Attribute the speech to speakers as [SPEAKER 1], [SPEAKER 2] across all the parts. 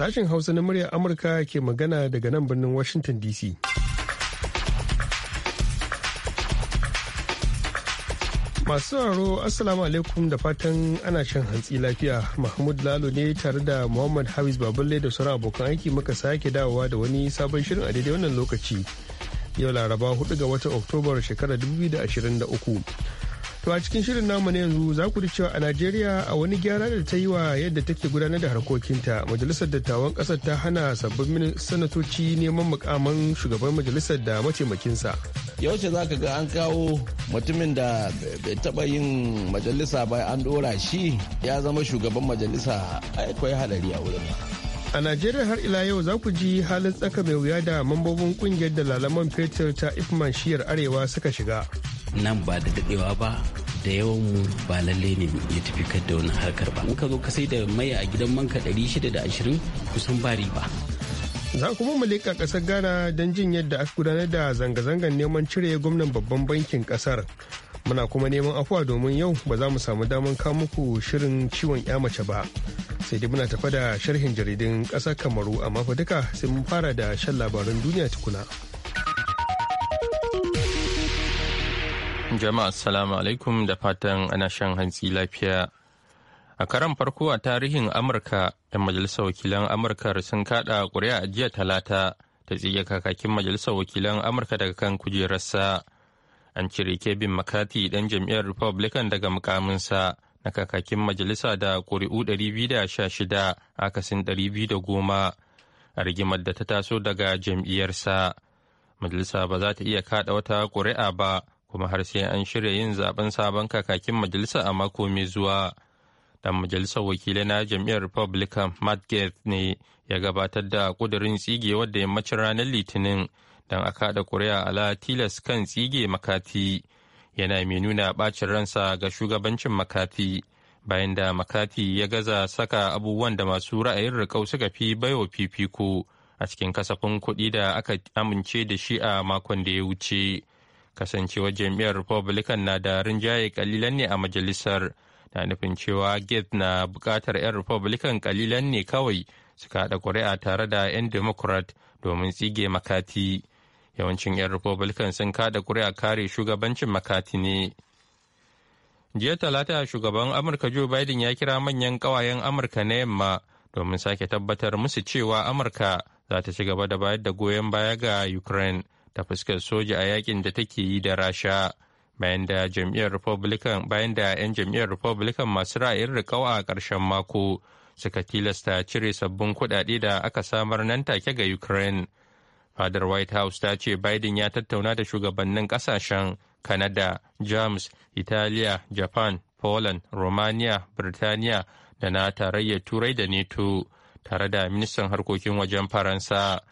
[SPEAKER 1] Sashen Hausa na muryar Amurka ke magana daga nan birnin Washington DC. Masu sauraro Assalamu alaikum da fatan ana shan hantsi lafiya. Mahmud Lalo ne tare da Muhammad Hafiz Baballe da sauran abokan aiki muka sake dawowa da wani sabon shirin a daidai wannan lokaci. Yau Laraba 4 ga watan Oktobar shekarar 2023. To a cikin shirin namu na yanzu za ku ji cewa a Najeriya a wani gyara da ta yi wa yadda take gudanar da harkokinta majalisar dattawan ƙasar ta hana sabbin sanatoci neman mukaman shugaban majalisar da mataimakinsa. Yaushe za ka ga an kawo mutumin da
[SPEAKER 2] bai taɓa yin majalisa ba an ɗora shi ya zama shugaban majalisa akwai hadari a wurin.
[SPEAKER 1] A Najeriya har ila yau za ku ji halin tsaka mai wuya da mambobin ƙungiyar da lalaman fetur ta Ifman shiyar Arewa suka shiga.
[SPEAKER 3] nan ba da daɗewa ba da yawan mu ba lalle ne ya tafi kar da wani harkar ba in ka zo ka sai da mai a gidan manka 620 kusan ba riba
[SPEAKER 1] za ku mu leƙa ƙasar ghana don jin yadda aka gudanar da zanga-zangar neman cire gwamnan babban bankin ƙasar muna kuma neman afuwa domin yau ba za mu samu damar kawo muku shirin ciwon ya mace ba sai dai muna tafa da sharhin jaridun ƙasar kamaru amma fa duka sai mun fara da shan labaran duniya tukuna.
[SPEAKER 4] Jama'a assalamu alaikum da fatan ana shan hantsi lafiya. A karan farko a tarihin Amurka, 'yan majalisar wakilan Amurka sun kada ƙuri'a a jiya talata ta tsige kakakin majalisar wakilan Amurka daga kan kujerarsa. An cire Kevin McCarthy ɗan jam'iyyar Republican daga mukaminsa na kakakin majalisa da ƙuri'u 216 akasin 210 a rigimar da ta taso daga jam'iyyarsa. Majalisa ba za ta iya kada wata ƙuri'a ba kuma har sai an shirya yin zaben sabon kakakin majalisa a mako mai zuwa dan majalisar wakilai na jam'iyyar republican matt gaetz ne ya gabatar da kudirin tsige wadda yammacin ranar litinin don a kada kuri'a ala tilas kan tsige makati yana mai nuna bacin ransa ga shugabancin makati bayan da makati ya gaza saka abubuwan da masu ra'ayin rikau suka fi baiwa fifiko a cikin kasafin kuɗi da aka amince da shi a makon da ya wuce. kasancewar jam'iyyar republican na da rinjaye kalilan ne a majalisar na nufin cewa gate na bukatar 'yan republican kalilan ne kawai su haɗa kuri'a tare da 'yan democrat domin tsige makati yawancin 'yan republican sun kaɗa kuri'a kare shugabancin makati ne jiya talata shugaban amurka joe biden ya kira manyan ƙawayen amurka na yamma domin sake tabbatar musu cewa amurka za ta ci gaba da bayar da goyon baya ga ukraine ta fuskar soja a yakin da take yi da rasha bayan da jam'iyyar republican bayan da 'yan jam'iyyar republican masu ra'ayin riƙau a ƙarshen mako suka tilasta cire sabbin kuɗaɗe da aka samar nan take ga ukraine fadar white house ta ce biden ya tattauna da shugabannin ƙasashen canada jamus italiya japan poland romania birtaniya da na tarayyar turai da neto tare da ministan harkokin wajen faransa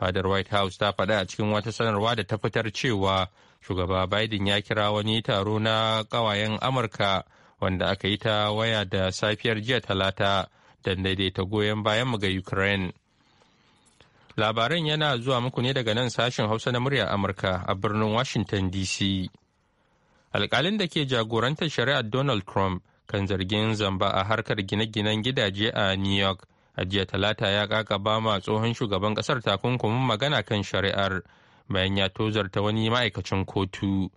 [SPEAKER 4] fadar white house ta faɗa a cikin wata sanarwa da ta fitar cewa shugaba biden ya kira wani taro na ƙawayen amurka wanda aka yi ta waya da safiyar jiya talata don daidaita goyon bayan mu ga ukraine labaran yana zuwa muku ne daga nan sashen hausa na muryar amurka a birnin washington dc alkalin da ke jagorantar shari'ar donald trump kan zargin zamba a harkar gine-ginen gidaje a new york a jiya talata ya kaka ma tsohon shugaban kasar takunkumin magana kan shari'ar bayan ya tozarta wani ma'aikacin kotu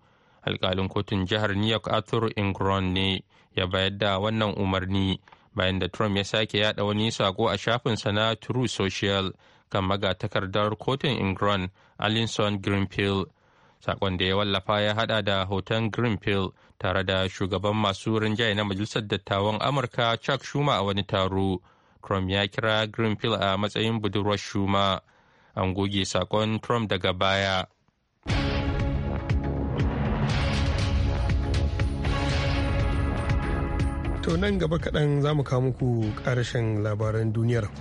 [SPEAKER 4] alkalin kotun jihar new york arthur ingron ne ya bayar da wannan umarni bayan da trump ya sake yada wani sako a shafinsa na true social kan magatakardar kotun ingron alinson greenfield sakon da ya wallafa ya hada da hoton greenfield tare da shugaban masu rinjaye na majalisar dattawan amurka chuck schumer a wani taro Trump ya kira Greenfield a matsayin budurwar shuma an goge sakon Trump daga baya.
[SPEAKER 1] To nan gaba kaɗan za mu kawo muku ƙarashen labaran duniyar.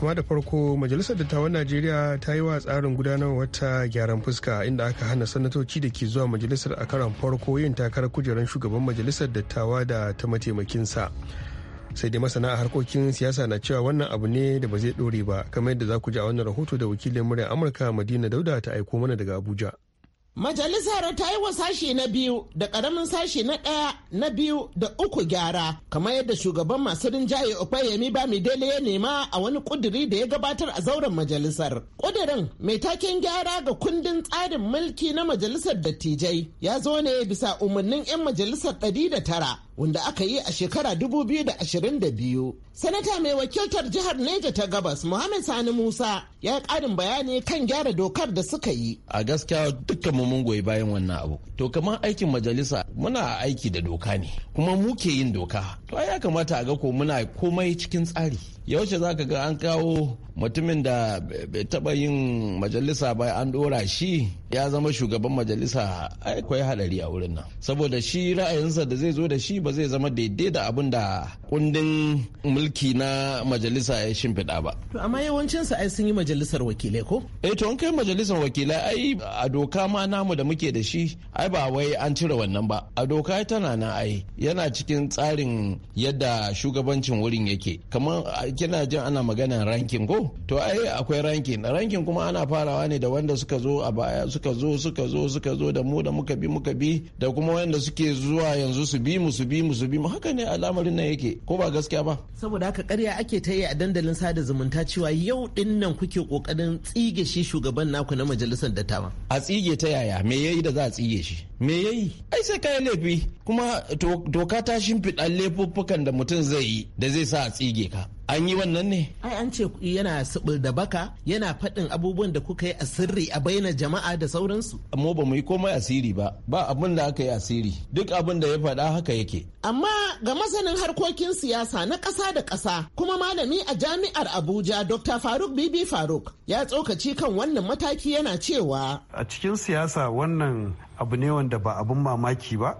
[SPEAKER 1] amma da farko majalisar dattawan najeriya ta yi wa tsarin gudanar wata gyaran fuska inda aka hana sanatoci da ke zuwa majalisar a karan farko yin takarar kujerar shugaban majalisar dattawa da ta mataimakinsa sai dai masana harkokin siyasa na cewa wannan abu ne da ba zai dore ba kamar yadda za ku ji a wannan rahoto da wakilin murya amurka madina dauda ta aiko mana daga abuja
[SPEAKER 5] Majalisar ta yi wa sashe na biyu da ƙaramin sashe na ɗaya na biyu da uku gyara kamar yadda shugaban masu rinjaye Opeyemi Bamidele ya nema a wani ƙuduri da ya gabatar a zauren majalisar. Ƙudurin mai taken gyara ga kundin tsarin mulki na majalisar dattijai ya zo ne bisa umarnin 'yan majalisar ɗari da tara wanda aka yi a shekara 2022 Sanata mai wakiltar jihar Neja ta gabas Muhammad Sani Musa ya yi ƙarin bayani kan gyara
[SPEAKER 2] dokar da suka yi. A gaskiya dukkan mu mun goyi bayan wannan abu. To kamar aikin majalisa muna aiki da doka ne kuma mu ke yin doka. To ya kamata a ga ko muna komai cikin tsari. Yaushe za ka ga an kawo mutumin da bai taba yin majalisa ba an dora shi ya zama shugaban majalisa akwai hadari a wurin nan saboda shi ra'ayinsa da zai zo da shi ba zai zama daidai da abin da kundin mulki mulki na majalisa ya shimfiɗa ba. To amma yawancin sa ai sun yi majalisar wakilai ko? Eh to an kai majalisar wakilai ai a doka ma namu da muke da shi ai ba wai an cire wannan ba. A doka tana na ai yana cikin tsarin yadda shugabancin wurin yake. Kamar kina jin ana maganar rankin ko? To ai akwai rankin. Rankin kuma ana farawa ne da wanda suka zo a baya suka zo suka zo suka zo da mu da muka bi muka bi da kuma wanda suke zuwa yanzu su bi mu su bi mu su bi mu haka ne al'amarin nan yake ko ba gaskiya ba. saboda haka
[SPEAKER 5] karya ake ta yi a dandalin sada zumunta cewa yau din nan kuke kokarin tsige shi shugaban
[SPEAKER 2] naku na majalisar dattawa a tsige ta yaya me yayi da za a tsige shi me ya yi ai sai kayan laifi kuma doka ta shimfiɗa laifuffukan da mutum zai yi da zai sa a tsige ka an yi wannan ne ai an ce yana subul da baka yana faɗin abubuwan da kuka yi a sirri a bayyana jama'a da sauransu amma ba mu yi komai asiri ba ba abin da aka yi asiri duk abin da ya faɗa haka yake
[SPEAKER 5] amma ga masanin harkokin siyasa na ƙasa da ƙasa kuma malami
[SPEAKER 6] a jami'ar
[SPEAKER 5] abuja dr faruk bibi faruk ya tsokaci kan wannan mataki
[SPEAKER 6] yana cewa a cikin siyasa wannan abu ne wanda ba abun mamaki ba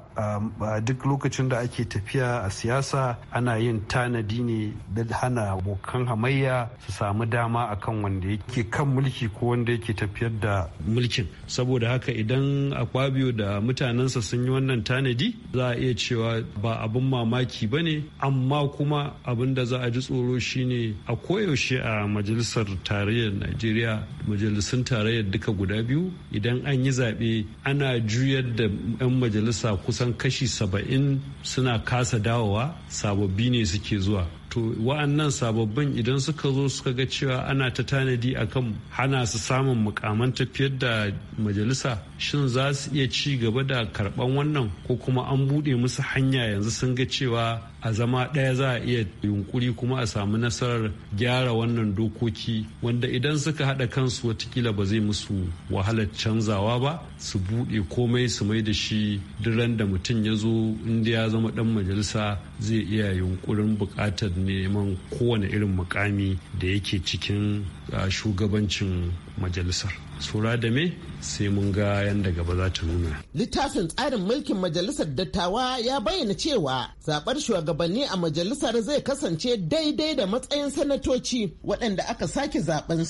[SPEAKER 6] duk lokacin da ake tafiya a siyasa ana yin tanadi ne da hana abokan hamayya su samu dama akan wanda yake kan mulki ko wanda yake tafiyar da mulkin saboda haka idan akwabiyo da mutanensa sun yi wannan tanadi za a iya cewa ba abun mamaki ba ne amma kuma abin da za a ji tsoro shine a koyaushe a majalisar tarayyar najeriya majalisun tarayyar duka guda biyu idan an yi zaɓe ana juyar da 'yan majalisa kusan kashi saba'in suna kasa dawowa sababbi ne suke zuwa to wa'annan sababbin idan suka zo suka ga cewa ana ta tanadi akan hana su samun mukaman tafiyar da majalisa shin za su iya ci gaba da karban wannan ko kuma an buɗe musu hanya yanzu sun ga cewa a zama ɗaya za a iya yunkuri kuma a samu nasarar gyara wannan dokoki wanda idan suka haɗa kansu watakila ba zai musu wahalar canzawa ba su buɗe komai su mai da shi duran da mutum ya zo inda ya zama ɗan majalisa zai iya yunkurin buƙatar neman kowane irin mukami da yake cikin ah, shugabancin majalisar. tsura da me sai mun ga yadda gaba za ta nuna.
[SPEAKER 5] Littafin tsarin mulkin majalisar dattawa ya bayyana cewa zaɓar shugabanni a majalisar zai kasance daidai da matsayin sanatoci waɗanda aka sake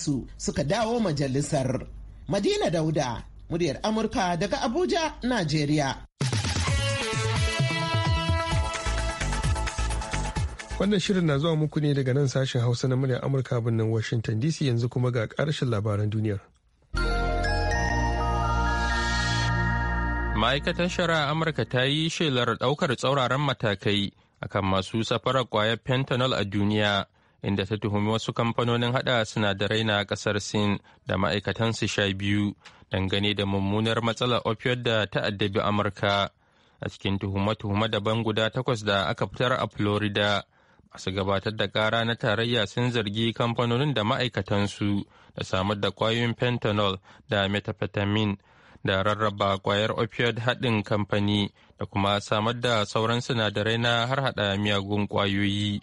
[SPEAKER 5] su suka dawo majalisar. Madina Dauda, muryar Amurka daga Abuja, Najeriya.
[SPEAKER 1] Wannan shirin na zuwa muku ne daga nan sashen Hausa na muryar Amurka birnin Washington DC yanzu kuma ga ƙarshen labaran duniyar.
[SPEAKER 4] ma'aikatar shari'a amurka ta yi shelar ɗaukar tsauraran matakai akan masu safarar kwaya fentanyl a duniya inda ta tuhumi wasu kamfanonin hada sinadarai na kasar sin da ma'aikatansu sha biyu dangane da mummunar matsalar opioid da ta addabi amurka a cikin tuhuma-tuhuma daban guda takwas da aka fitar a florida masu gabatar da kara na tarayya sun zargi kamfanonin da ma'aikatansu da samar da kwayoyin fentanyl da methamphetamine da rarraba kwayar opioid haɗin kamfani da kuma samar da sauran sinadarai na har hada miyagun kwayoyi.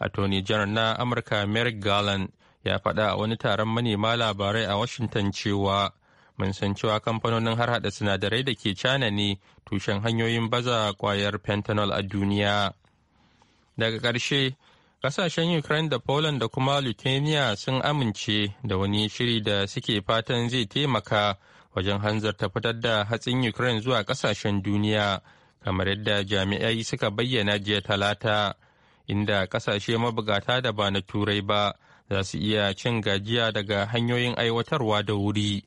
[SPEAKER 4] Attorney General na Amurka Merrick Garland ya faɗa a wani taron manema labarai a Washington cewa mun san cewa kamfanonin har hada sinadarai da ke cana ne tushen hanyoyin baza kwayar fentanyl a duniya. Daga ƙarshe, kasashen Ukraine da Poland da kuma Lithuania sun amince da wani shiri da suke fatan zai taimaka wajen hanzarta fitar da hatsin Ukraine zuwa kasashen duniya, kamar yadda jami'ai suka bayyana jiya talata, inda kasashe mabugata da ba na turai ba za su iya cin gajiya daga hanyoyin aiwatarwa da wuri.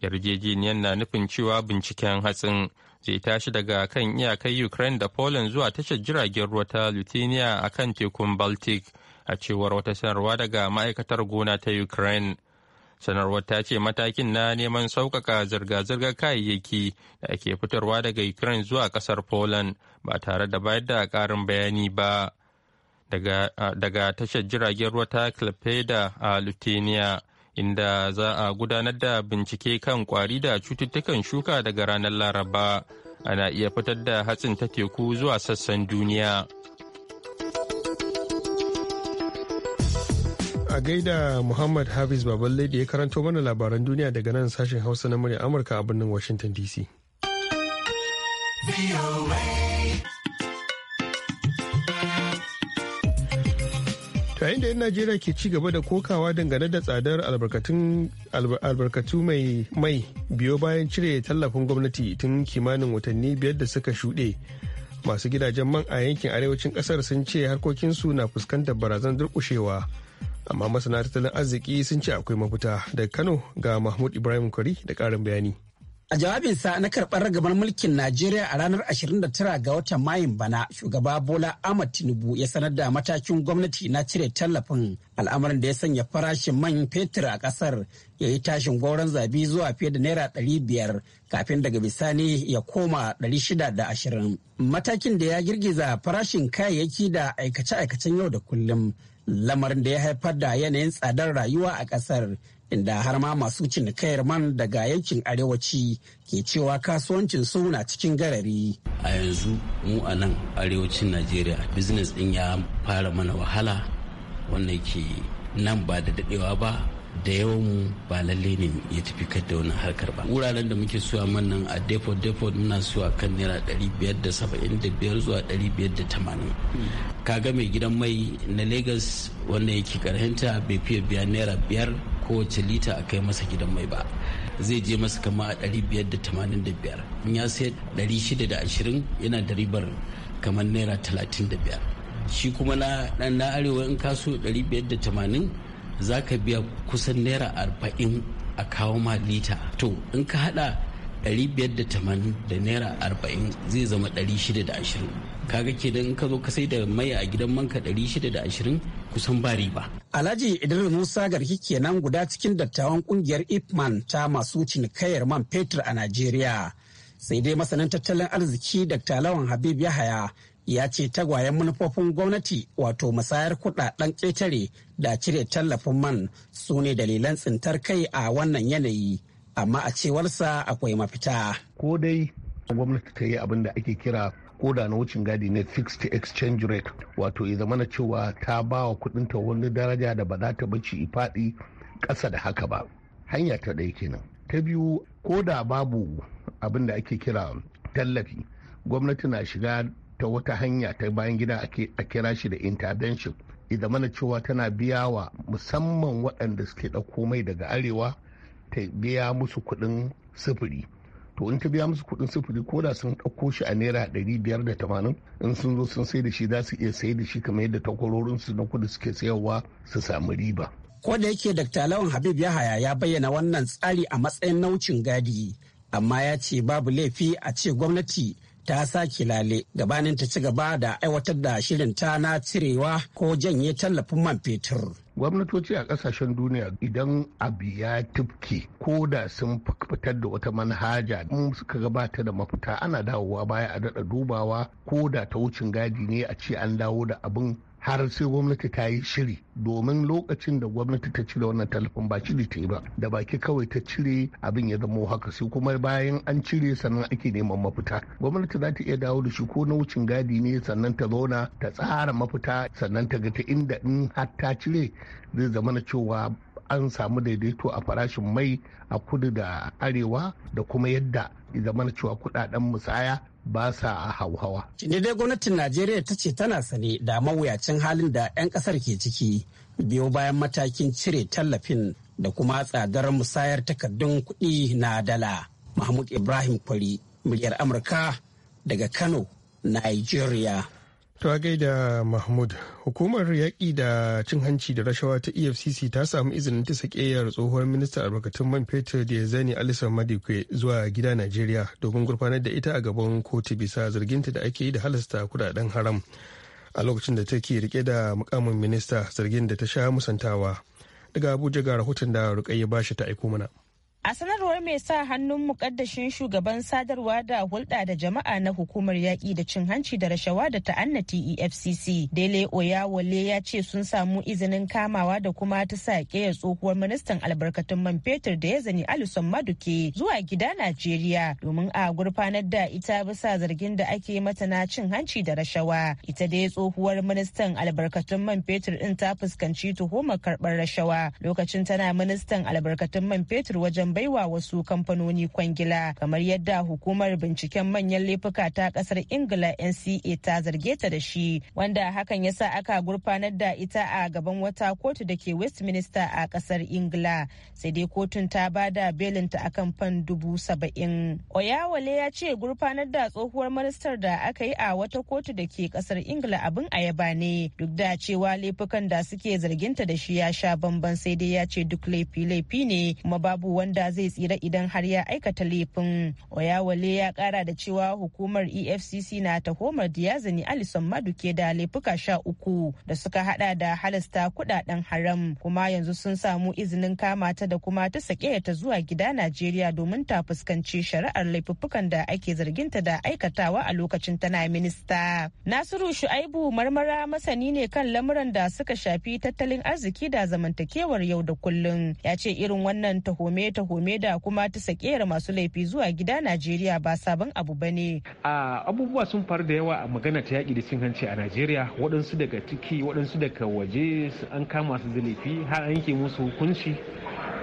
[SPEAKER 4] Yarjejeniyar na nufin cewa binciken hatsin zai tashi daga kan iyakai Ukraine da Poland zuwa tashar jiragen ruwa ta Lithuania a kan tekun Baltic, a cewar wata sanarwa daga ma'aikatar gona ta Ukraine. sanarwar ta ce matakin na neman sauƙaƙa zirga-zirgar kayayyaki da ake fitarwa daga ukraine zuwa ƙasar poland ba tare da bayar da ƙarin bayani ba daga tashar jiragen ruwa ta a lithuania inda za a gudanar da bincike kan kwari da cututtukan shuka daga ranar laraba ana iya fitar da hatsin ta teku zuwa sassan duniya.
[SPEAKER 1] a gaida Muhammad Hafiz Baballe da ya karanto mana labaran duniya daga nan sashen Hausa na murya Amurka a birnin Washington DC. yayin da 'yan najeriya ke ci gaba da kokawa dangane da tsadar albarkatu mai mai biyo bayan cire tallafin gwamnati tun kimanin watanni biyar da suka shuɗe masu gidajen man a yankin arewacin ƙasar sun ce harkokinsu na fuskantar barazan durkushewa amma masana tattalin arziki sun ce akwai mafita daga kano ga mahmud ibrahim kwari da karin bayani a jawabinsa na karɓar ragamar mulkin najeriya a ranar 29
[SPEAKER 7] ga watan mayun bana shugaba bola ahmad tinubu ya sanar da matakin gwamnati na cire tallafin al'amarin da ya sanya farashin man fetur a ƙasar ya yi tashin gwauron zabi zuwa fiye da naira 500 kafin daga bisani ya koma 620 matakin da ya girgiza farashin kayayyaki da aikace-aikacen yau da kullum lamarin da ya haifar da yanayin tsadar rayuwa a ƙasar inda har ma masu cinikayar man daga yankin arewaci ke cewa kasuwancin su na cikin garari. A yanzu
[SPEAKER 3] mu a nan arewacin Najeriya business din ya fara mana wahala wannan ke nan ba da dadewa ba da yawan ba lalle ne ya tafi kai da wannan harkar ba wuraren da muke suwa mannan a depot depot muna suwa kan naira biyar da da saba'in biyar zuwa biyar da tamanin. kaga mai gidan mai na lagos wanda yake karhinta bai fiye biya naira biyar kowace lita a kai masa gidan mai ba zai je masa kama a biyar da da tamanin biyar. in ya sai ashirin yana da ribar kamar naira talatin da biyar. shi kuma na arewa in kaso tamanin. za ka biya kusan naira arba'in a kawo ma lita to in ka hada 580 da naira arba'in zai zama 620 kaga kenan in ka zo ka sai da mai a gidan manka 620 kusan ba riba.
[SPEAKER 7] Alhaji Idris Musa Garki kenan guda cikin dattawan kungiyar Ipman ta masu cinikayyar man fetur a Najeriya. Sai dai masanin tattalin arziki Dr. Lawan Habib Yahaya ya ce tagwayen manufofin gwamnati wato musayar kuɗaɗen ƙetare da cire tallafin man su ne dalilan tsintar kai a wannan yanayi
[SPEAKER 8] amma a cewarsa akwai mafita. Ko dai gwamnati ta yi abin da ake kira koda na wucin gadi ne fixed exchange rate wato ya zamana cewa ta ba wa ta wani daraja da ba za ta bace faɗi ƙasa da haka ba hanya ta ɗaya kenan ta biyu ko da babu abin da ake kira tallafi gwamnati na shiga ta wata hanya ta bayan gida a kira shi da intervention idan mana cewa tana biya wa musamman waɗanda suke ɗauko mai daga arewa ta biya musu kuɗin sufuri to in ta biya musu kuɗin sufuri ko da sun ɗauko shi a naira ɗari biyar da tamanin in sun zo sun sai da shi za su iya sai da shi kamar yadda takwarorinsu na kudu suke sayarwa su samu riba
[SPEAKER 7] ko da yake dr lawan habib yahaya ya bayyana wannan tsari a matsayin naucin gadi amma ya ce babu laifi a ce gwamnati ta sake lale gabanin ta ci gaba da aiwatar da shirin ta na cirewa ko janye tallafin man
[SPEAKER 8] fetur. gwamnatoci a kasashen duniya idan abu ya tifke ko da sun fitar da wata manhaja in suka gabata da mafita ana dawowa baya a daɗa dubawa ko da ta wucin gadi ne a ce an dawo da abin har sai gwamnati ta yi shiri domin lokacin da gwamnati ta cire wannan talafin ba shiri ta yi ba da baki kawai ta cire abin ya zama haka sai kuma bayan an cire sannan ake neman mafita gwamnati za ta iya dawo da shi ko na wucin gadi ne sannan ta zauna ta tsara mafita sannan ta ga ta inda in har ta cire zai zama na cewa an samu daidaito a farashin mai a kudu da arewa da kuma yadda zamana cewa kudaden musaya ba sa a hauhawa.
[SPEAKER 7] Tuni dai gwamnatin Najeriya ta ce tana sane da mawuyacin halin da 'yan kasar ke ciki biyo bayan matakin cire tallafin da kuma tsadar musayar takardun kuɗi na dala. Mahmud Ibrahim Kwari, muryar Amurka daga Kano, Nigeria.
[SPEAKER 1] To a gaida Mahmud, hukumar yaƙi da cin hanci da rashawa ta EFCC ta samu izinin ta sakeyar tsohuwar minista albarkatun man fetur da ya zani Alison Madikwe zuwa gida Najeriya domin gurfanar da ita a gaban kotu bisa zarginta da ake yi da halasta kudaden haram. A lokacin da take rike da mukamin minista zargin da ta sha musantawa. Daga Abuja ga rahoton da Rukayya bashi ta aiko mana.
[SPEAKER 9] A sanarwar mai sa hannun mukaddashin shugaban sadarwa da hulɗa da jama'a na hukumar yaƙi da cin hanci da rashawa da ta'annati EFCC. Dele Oyawole ya ce sun samu izinin kamawa da kuma ta sake ya tsohuwar ministan albarkatun man fetur da ya zani Alison Maduke zuwa gida Najeriya domin a gurfanar da ita bisa zargin da ake mata na cin hanci da rashawa. Ita dai tsohuwar ministan albarkatun man fetur ɗin ta fuskanci tuhumar karɓar rashawa lokacin tana ministan albarkatun man fetur wajen baiwa wasu kamfanoni kwangila kamar yadda hukumar binciken manyan laifuka ta kasar ingila nca ta zarge ta da shi wanda hakan ya sa aka gurfanar da ita a gaban wata kotu da ke westminster a kasar ingila sai dai kotun ta ba da belinta akan fan dubu saba'in oyawale ya ce gurfanar da tsohuwar ministar da aka yi a wata kotu da ke kasar ingila abin ayaba ne duk da cewa laifukan da suke zarginta da shi ya sha bamban sai dai ya ce duk laifi laifi ne kuma babu wanda da zai tsira idan har ya aikata laifin oyawale ya kara da cewa hukumar efcc na tahomar diyazani alison maduke da laifuka sha uku da suka hada da halasta kudaden haram kuma yanzu sun samu izinin kama ta da kuma ta sake ta zuwa gida najeriya domin ta fuskanci shari'ar laifuffukan da ake zarginta da aikatawa a lokacin tana minista nasiru shu'aibu marmara masani ne kan lamuran da suka shafi tattalin arziki da zamantakewar yau da kullum ya ce irin wannan tahome tahome da kuma ta sakera masu laifi zuwa gida Najeriya ba sabon abu ba ne.
[SPEAKER 10] Abubuwa sun faru da yawa a magana ta yaƙi da cin hanci a Najeriya waɗansu daga ciki waɗansu daga waje an kama su da laifi har an yanke musu hukunci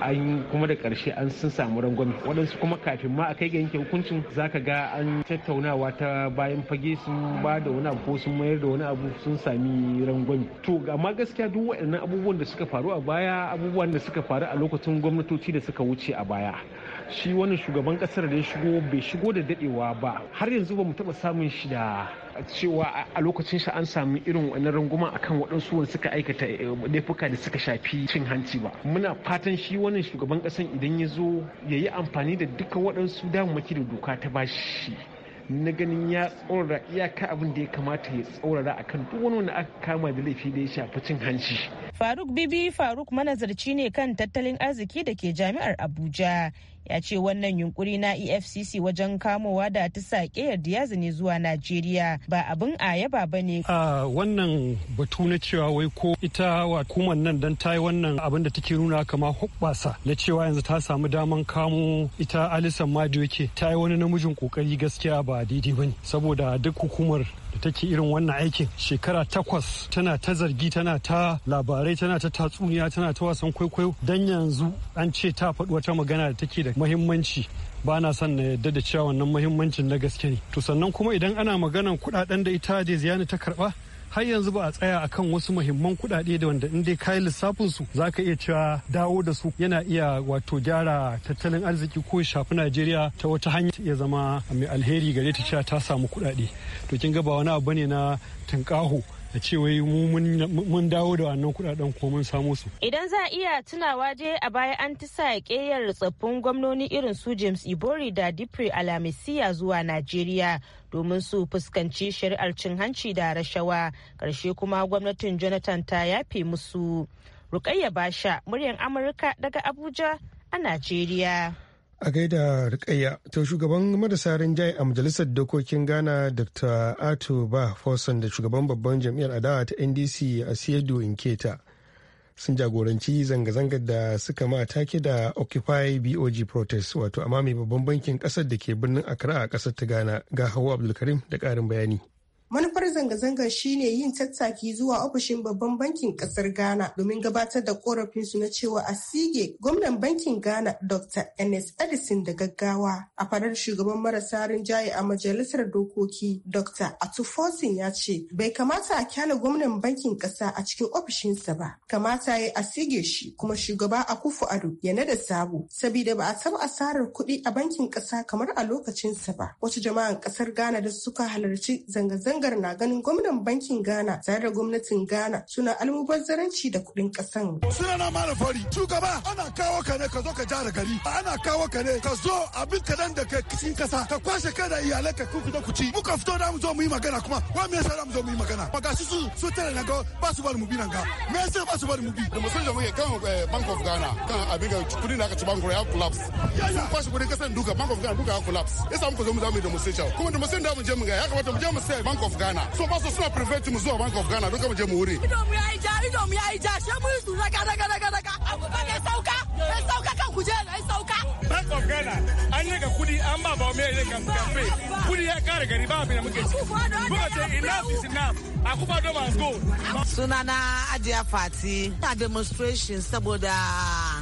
[SPEAKER 10] an kuma da karshe an sun samu rangwame waɗansu kuma kafin ma a kai ga yanke hukuncin za ka ga an tattaunawa ta bayan fage sun ba da wani abu ko sun mayar da wani abu sun sami rangwame to amma gaskiya duk waɗannan abubuwan da suka faru a baya abubuwan da suka faru a lokacin gwamnatoci da suka wuce a baya shi wani shugaban ƙasar da ya shigo bai shigo da daɗewa ba har yanzu ba mu taɓa samun shi da cewa a lokacin shi an samu irin wannan ranguma akan waɗansu wanda suka aikata eh, laifuka da suka shafi cin hanci ba muna fatan shi wannan shugaban ƙasan idan ya zo ya yi amfani da duka waɗansu damammaki da doka ta bashi
[SPEAKER 8] na ganin ya tsaurara
[SPEAKER 10] iyaka abin da ya kamata ya tsorara akan kan duk wani aka kama da laifi da ya shafi cin hanci.
[SPEAKER 9] Faruk Bibi Faruk manazarci ne kan tattalin arziki da ke jami'ar Abuja ya ce wannan yunkuri na efcc wajen kamowa da ta yarda ya zane zuwa najeriya ba abin a yaba ba ne
[SPEAKER 6] a wannan batu na cewa wai ko ita wa kuma nan dan ta yi wannan abin da take nuna kama hoɓɓasa na cewa yanzu ta samu daman kamo ita alisan madu yake ta yi wani namijin kokari gaskiya ba daidai ba ne saboda duk hukumar da take irin wannan aikin shekara takwas tana ta zargi tana ta labarai tana ta tatsuniya tana ta wasan kwaikwayo dan yanzu an ce ta faɗi wata magana da take da mahimmanci ba na son na yadda da cewa wannan muhimmancin na gaske ne to sannan kuma idan ana maganan kuɗaɗen da ita da ziyani ta karɓa har yanzu ba a tsaya akan wasu muhimman kuɗaɗe da wanda in dai kayi lissafin su za ka iya cewa dawo da su yana iya wato gyara tattalin arziki ko shafi Najeriya ta wata hanya ya zama mai alheri gare ta cewa ta samu kuɗaɗe to kin ga ba wani abu bane na tunkaho a cewa wai mun dawo da wannan kudaden ko mun samo su.
[SPEAKER 9] Idan za a iya tunawa je a baya an ti sa ƙeyar tsaffin gwamnoni irin su James Ibori da Dipre Alamisiya zuwa Najeriya domin su fuskanci shari'ar cin hanci da rashawa ƙarshe kuma gwamnatin Jonathan ta yafe musu. Rukayya Basha, muryar Amurka daga Abuja a Najeriya.
[SPEAKER 1] a gaida rikayya to shugaban marasa rinjaye a majalisar dokokin ghana dr ato ba fosan da shugaban babban jam'iyyar adawa ta ndc a in inketa sun jagoranci zanga-zangar da suka ma take da occupy bog protest wato amami babban bankin kasar da ke birnin accra a kasar ta ghana ga hawa abdulkarim da karin bayani
[SPEAKER 11] Manufar zanga-zangar shine yin tattaki zuwa ofishin babban bankin kasar Ghana domin gabatar da korafinsu na cewa a sige gwamnan bankin Ghana Dr. Ernest Edison da gaggawa. A fadar shugaban marasa rinjaye a majalisar dokoki Dr. Atufosin ya ce bai kamata a kyale gwamnan bankin kasa a cikin ofishinsa ba. Kamata ya a sige shi kuma shugaba a kufu Ado ya nada sabu. sabida ba a taba asarar kuɗi a bankin kasa kamar a lokacinsa ba. Wasu jama'an kasar Ghana da suka halarci zanga zanga zanga na ganin gwamnan bankin Ghana tare da gwamnatin Ghana suna almubazzaranci da kudin
[SPEAKER 8] kasan. suna na mara Fari, shugaba ana kawo ka ne ka zo ka jara gari, ana kawo ka ne ka zo abin ka dan da ka cikin kasa ka kwashe kai da iyalai ka kuka ku ci. Muka fito da mu zo mu yi magana kuma wa me yasa da mu zo mu yi magana? Ba ga su su su tare na ga ba su bari mu bi nan ga. Me yasa ba su bari mu bi? Da musulun da ya kan eh, Bank of Ghana kan abin ga kudin da aka ci bank ya collapse. Sun kwashe kudin kasan duka Bank of Ghana duka ya collapse. Yasa muka zo mu za mu yi demonstration. Kuma demonstration da mu je mu ga ya kamata mu je mu sai Bank of of Ghana. So ba su suna prevent mu zuwa Bank of Ghana duka mu je mu wuri.
[SPEAKER 10] Ido mu yayi ja, ido mu yayi ja, she mu su raka raka raka raka. Abu ba ne sauka, e kan kuje ne Bank
[SPEAKER 8] of Ghana an yaga kudi an ba ba mai ne Kudi ya kare gari ba abin da muke ci. ce enough is enough. Akuba do must go.
[SPEAKER 5] Sunana Ajiya Fati. Na demonstration saboda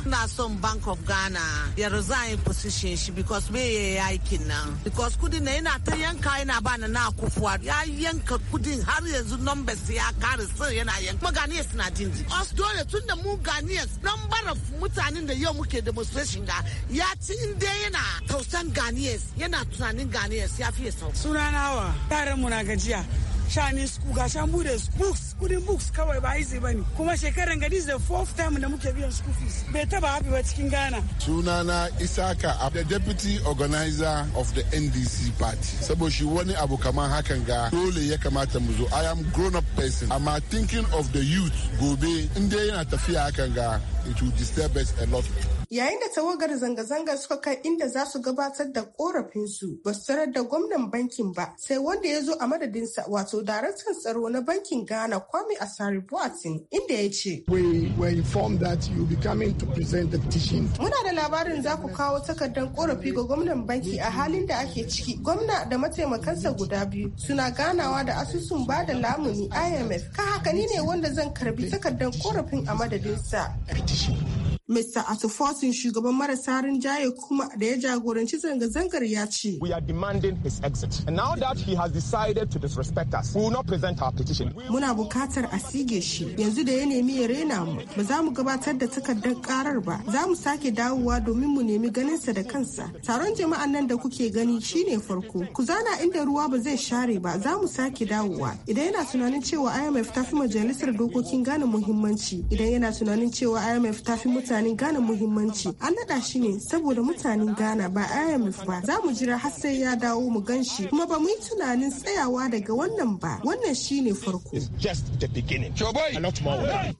[SPEAKER 5] na son bank of ghana ya resign position shi because me ya aikin nan because kudin na yana ta yanka yana ba na na kufuwa ya yanka kudin har yanzu numbers ya kare sir yana yanka kuma ghanaians na jinji dole tun da mu ghanaians number of mutanen da yau muke demonstration ga ya ci inda yana tausan ghanaians yana tunanin ghanaians ya fiye sau
[SPEAKER 7] sunana wa yaran mu na gajiya sha'anin school ga shan bude books kudin books kawai ba izi bane kuma shekaran gani da fourth time da muke biyan school fees
[SPEAKER 8] bai taba haɓe ba cikin Ghana sunana Isaka the deputy organizer of the NDC party saboda shi wani abu kamar hakan ga dole ya kamata mu zo I am grown up person amma thinking of the youth gobe in yana tafiya hakan ga it will disturb us a lot
[SPEAKER 11] Yayin da tawagar zanga-zangar suka kai inda za su gabatar da korafinsu ba su tarar da gwamnan bankin ba sai wanda ya zo a madadinsa wato daraktan tsaro na bankin Ghana Kwame Asari buatin inda ya ce. Muna da labarin za ku kawo takardar korafi ga gwamnan banki a halin da ake ciki. Gwamna da mataimakansa guda biyu suna ganawa da asusun ba da lamuni IMF. Ka haka ni ne wanda zan karbi takardar korafin a madadinsa. Mr. Atufosin shugaban marasa rinjaye kuma da ya jagoranci zanga-zangar ya ce. We are demanding his exit. And now that he has decided to
[SPEAKER 10] disrespect us, we will not present our petition.
[SPEAKER 11] Muna bukatar a sige shi. Yanzu da ya nemi ya rena mu, ba za mu gabatar da takardar karar ba. Za mu sake dawowa domin mu nemi ganinsa da kansa. Taron jama'an nan da kuke gani shine farko. Ku zana inda ruwa ba zai share ba, za mu sake dawowa. Idan yana tunanin cewa IMF ta fi majalisar dokokin gane muhimmanci, idan yana tunanin cewa IMF ta fi mutane mutanen Ghana muhimmanci. An naɗa shi ne saboda mutanen Ghana ba IMF ba. Za mu jira har sai ya dawo mu gan shi kuma ba mu yi tunanin tsayawa daga wannan ba. Wannan shi ne farko.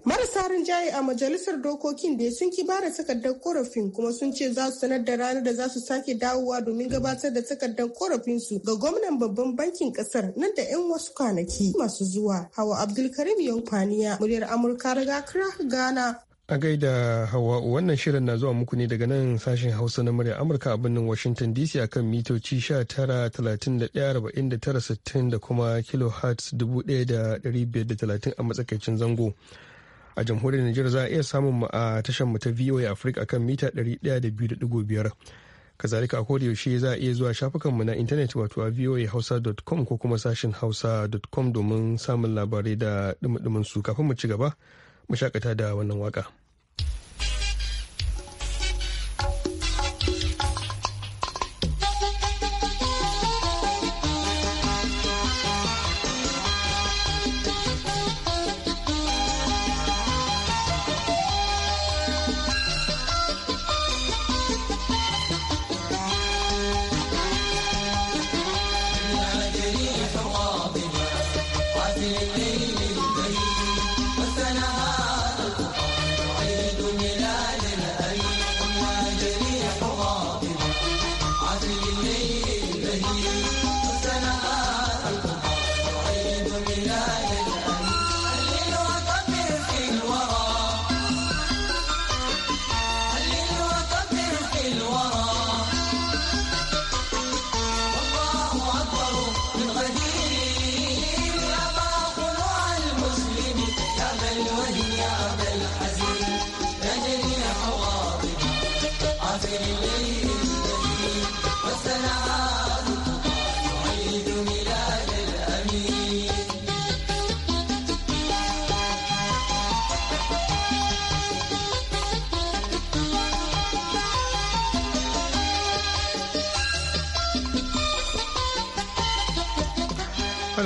[SPEAKER 11] Marasa rinjaye a majalisar dokokin da sun ki bara takardar korafin kuma sun ce za su sanar da ranar da za su sake dawowa domin gabatar da takardar korafin su ga gwamnan babban bankin kasar nan da 'yan wasu kwanaki masu zuwa. Hawa Abdulkarim Yankwaniya, muryar Amurka daga kira Ghana.
[SPEAKER 1] A gaida hawa wannan shirin na zuwa muku ne daga nan sashen Hausa na murya Amurka a birnin Washington DC akan mitoci 19,31,49,60 da kuma kilohertz 1,530 a matsakaicin zango. A jamhuriyar Nijar za a iya samun mu a tashar mu ta VOA Africa akan mita 102.5. Kazalika a koda yaushe za a iya zuwa shafukan mu na intanet wato a voahausa.com ko kuma sashen hausa.com domin samun labarai da kafin mu ci gaba. mu shakata da wannan waka.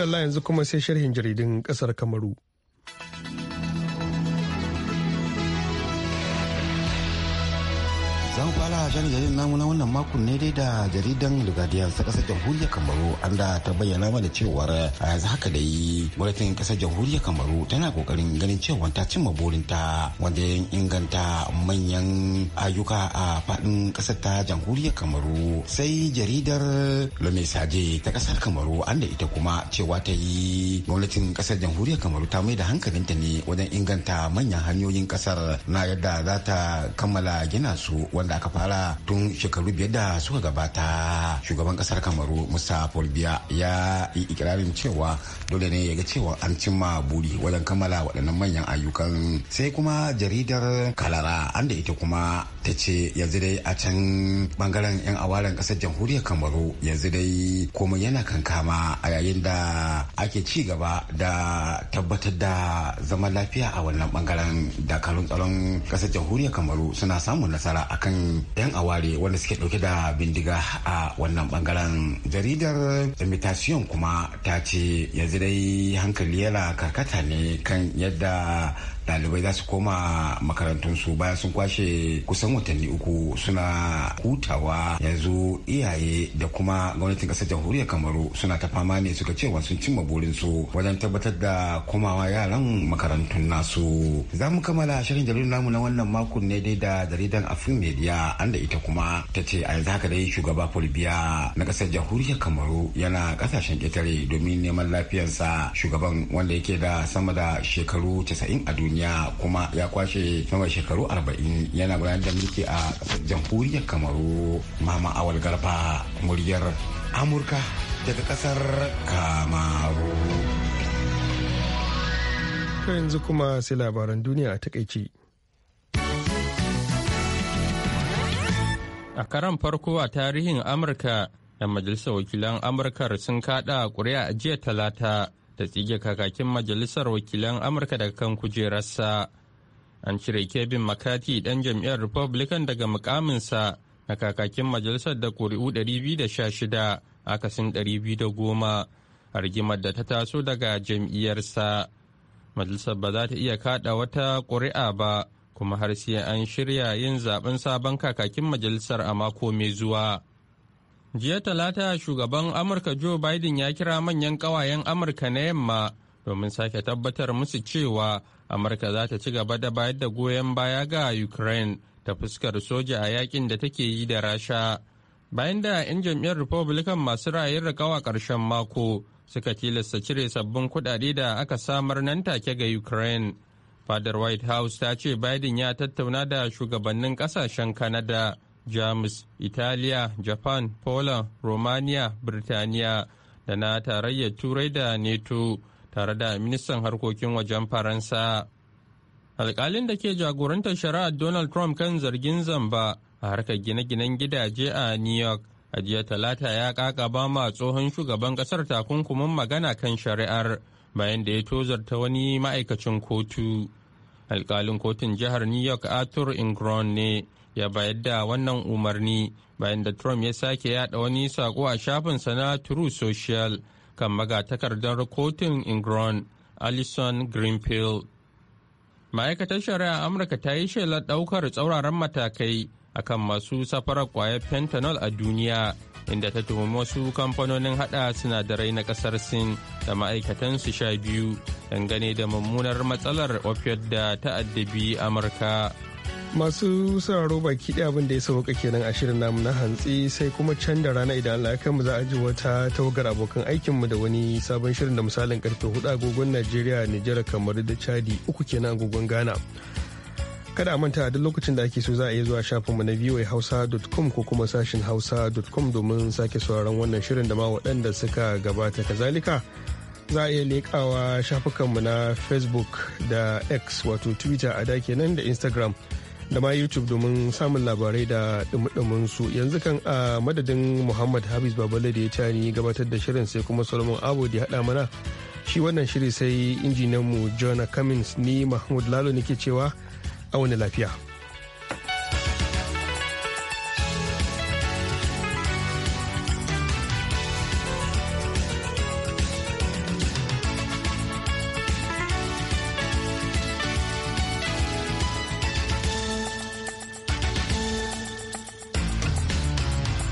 [SPEAKER 1] Allah yanzu kuma sai sharhin jaridun kasar kamaru
[SPEAKER 10] shan jaridar namu na wannan makon ne dai da jaridan lugadiyar ta kasar jamhuriyar Kamaru an da ta bayyana mana cewar a yanzu haka da yi gwamnatin kasar jamhuriyar Kamaru tana kokarin ganin cewa ta cimma burinta wanda ya inganta manyan ayyuka a faɗin kasar ta jamhuriyar Kamaru sai jaridar Lomesaje ta kasar Kamaru an da ita kuma cewa ta yi gwamnatin kasar jamhuriyar Kamaru ta mai da hankalinta ne wajen inganta manyan hanyoyin kasar na yadda za ta kammala gina su wanda aka fara tun shekaru biyar da suka gabata shugaban kasar kamaru musa folbiya ya yi ikirarin cewa dole ne ya ga cewa an cimma buri wajen kammala waɗannan manyan ayyukan sai kuma jaridar kalara an da ita kuma ta ce yanzu dai a can bangaren 'yan awaren kasar jamhuriyar kamaru yanzu dai komai yana kankama a yayin da ake ci gaba da tabbatar da zaman lafiya a wannan bangaren dakarun tsaron kasar jamhuriyar kamaru suna samun nasara akan 'yan aware wanda suke dauke da bindiga a wannan bangaren jaridar imitation kuma ta ce yanzu dai hankali yana karkata ne kan yadda ɗalibai za su koma makarantun su bayan sun kwashe kusan watanni uku suna hutawa yanzu iyaye da kuma gwamnatin ƙasar jamhuriyar kamaru suna ta fama ne suka cewa sun cimma burin su wajen tabbatar da komawa yaran makarantun nasu za mu kammala shirin jaridar namu na wannan makon ne dai da jaridar afin media an da ita kuma ta ce a yanzu haka dai shugaba fulbiya na ƙasar jamhuriyar kamaru yana ƙasashen ƙetare domin neman lafiyarsa shugaban wanda yake da sama da shekaru 90 a duniya ya kuma ya kwashe sama shekaru 40 yana gudanar da mulki a jamhuriyar kamaru mama awal garba muryar amurka daga kasar kamaru
[SPEAKER 1] yanzu kuma sai labaran duniya a takaice
[SPEAKER 4] a karan farko a tarihin amurka da majalisar wakilan amurkar sun kada kuri'a jiya talata da tsige kakakin majalisar wakilan amurka daga kan kujerarsa an cire kevin makati dan jam'iyyar republican daga mukaminsa na kakakin majalisar da ƙuri'u 216 akasin 210 a rigimar da ta taso daga jam'iyyarsa majalisar ba za ta iya kada wata ƙuri'a ba kuma har sai an shirya yin zaben sabon kakakin majalisar a mako mai zuwa Jiya talata shugaban Amurka Joe Biden ya kira manyan ƙawayen Amurka na yamma domin sake tabbatar musu cewa Amurka za ta ci gaba da bayar da goyon baya ga Ukraine ta fuskar soja a yakin da take yi da Rasha. Bayan da 'yan jam'iyyar Republican masu ra'ayin rikawa ƙarshen mako suka tilasta cire sabbin kuɗaɗe da aka samar nan take ga Ukraine. Fadar White House ta ce Biden ya tattauna da shugabannin ƙasashen Canada. jamus italiya japan poland romania birtaniya da na tarayyar turai da neto tare da ministan harkokin wajen faransa alkalin da ke jagorantar shari'ar donald trump kan zargin zamba a harkar gine-ginen gidaje a new york a jiya talata ya kakaba ma tsohon shugaban kasar takunkumin magana kan shari'ar bayan da ya tozarta wani ma'aikacin kotu alkalin kotun jihar new york arthur ingron ne ya bayar da wannan umarni bayan da Trump ya sake yada wani sako a shafinsa na True Social kan magatakardar kotun Ingron Alison Greenfield. Ma'aikatar shari'a Amurka ta yi shelar daukar tsauraran matakai akan masu safarar kwayar fentanyl a duniya inda ta tuhumi wasu kamfanonin hada sinadarai na kasar sin da ma'aikatan su sha biyu dangane da mummunar matsalar opioid da ta'addabi amurka
[SPEAKER 1] masu sauraro baki ɗaya abin da ya sauka kenan a shirin namu na hantsi sai kuma can da rana idan Allah ya mu za a ji wata tawagar abokan aikinmu da wani sabon shirin da misalin karfe hudu agogon Najeriya Nijar kamar da Chadi uku kenan agogon Ghana. Kada a manta duk lokacin da ake so za a iya zuwa shafinmu na voahausa.com ko kuma sashin hausa.com domin sake sauraron wannan shirin da ma waɗanda suka gabata kazalika. za a iya leƙawa shafukanmu na facebook da x wato twitter a da kenan da instagram da ma youtube domin samun labarai da dumudumin su yanzu kan a madadin muhammad habis babalai da ya tani gabatar da shirin sai kuma solomon abu da ya haɗa mana shi wannan shiri sai injinanmu jona cummins ni mahmud lalo nake cewa a wani lafiya.